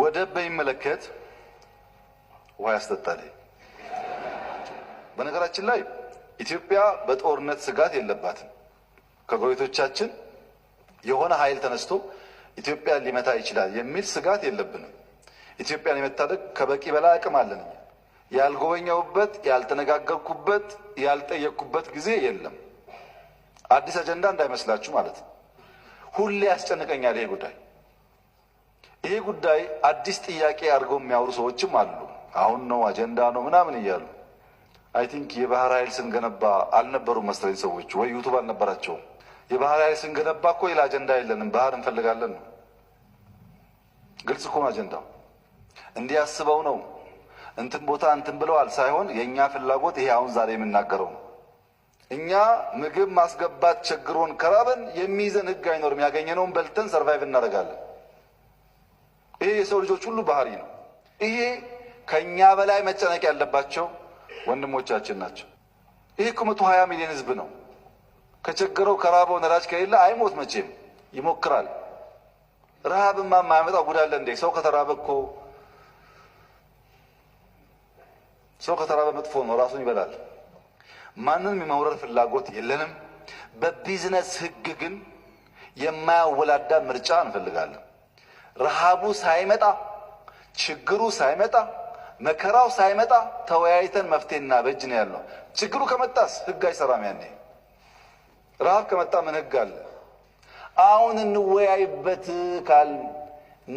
ወደብ በሚመለከት ውሃ ያስጠጣል። በነገራችን ላይ ኢትዮጵያ በጦርነት ስጋት የለባትም። ከጎረቤቶቻችን የሆነ ኃይል ተነስቶ ኢትዮጵያን ሊመታ ይችላል የሚል ስጋት የለብንም። ኢትዮጵያን የመታደግ ከበቂ በላይ አቅም አለን። ያልጎበኘሁበት፣ ያልተነጋገርኩበት፣ ያልጠየቅኩበት ጊዜ የለም። አዲስ አጀንዳ እንዳይመስላችሁ ማለት ነው። ሁሌ ያስጨንቀኛል ይሄ ጉዳይ። ይህ ጉዳይ አዲስ ጥያቄ አድርገው የሚያወሩ ሰዎችም አሉ። አሁን ነው አጀንዳ ነው ምናምን እያሉ አይ ቲንክ የባህር ኃይል ስንገነባ አልነበሩም መሰለኝ ሰዎች፣ ወይ ዩቱብ አልነበራቸውም። የባህር ኃይል ስንገነባ እኮ ሌላ አጀንዳ የለንም፣ ባህር እንፈልጋለን ነው። ግልጽ እኮ ነው አጀንዳው። እንዲህ አስበው ነው እንትን ቦታ እንትን ብለዋል ሳይሆን የእኛ ፍላጎት ይሄ አሁን ዛሬ የምናገረው ነው። እኛ ምግብ ማስገባት ችግሮን ከራበን የሚይዘን ህግ አይኖርም። ያገኘነውን በልተን ሰርቫይቭ እናደርጋለን። ይሄ የሰው ልጆች ሁሉ ባህሪ ነው። ይሄ ከእኛ በላይ መጨነቅ ያለባቸው ወንድሞቻችን ናቸው። ይህ እኮ መቶ ሀያ ሚሊዮን ህዝብ ነው። ከቸገረው ከራበው ነዳጅ ከሌለ አይሞት መቼም ይሞክራል። ረሃብማ ማያመጣ ጉዳለ እንዴ? ሰው ከተራበ እኮ ሰው ከተራበ መጥፎ ነው፣ ራሱን ይበላል። ማንንም የማውረር ፍላጎት የለንም። በቢዝነስ ህግ ግን የማያወላዳ ምርጫ እንፈልጋለን። ረሃቡ ሳይመጣ ችግሩ ሳይመጣ መከራው ሳይመጣ ተወያይተን መፍትሄ በእጅ ነው ያለው። ችግሩ ከመጣስ ህግ አይሰራም። ያኔ ረሃብ ከመጣ ምን ህግ አለ? አሁን እንወያይበት ካል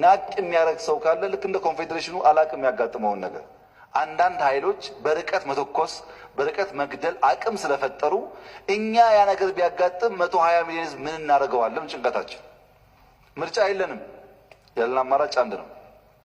ናቅ የሚያደርግ ሰው ካለ ልክ እንደ ኮንፌዴሬሽኑ አላቅ የሚያጋጥመውን ነገር አንዳንድ ኃይሎች በርቀት መተኮስ በርቀት መግደል አቅም ስለፈጠሩ እኛ ያ ነገር ቢያጋጥም መቶ ሀያ ሚሊዮን ህዝብ ምን እናደርገዋለን? ጭንቀታችን ምርጫ የለንም። எல்லாம் மறைச்சாந்துடும்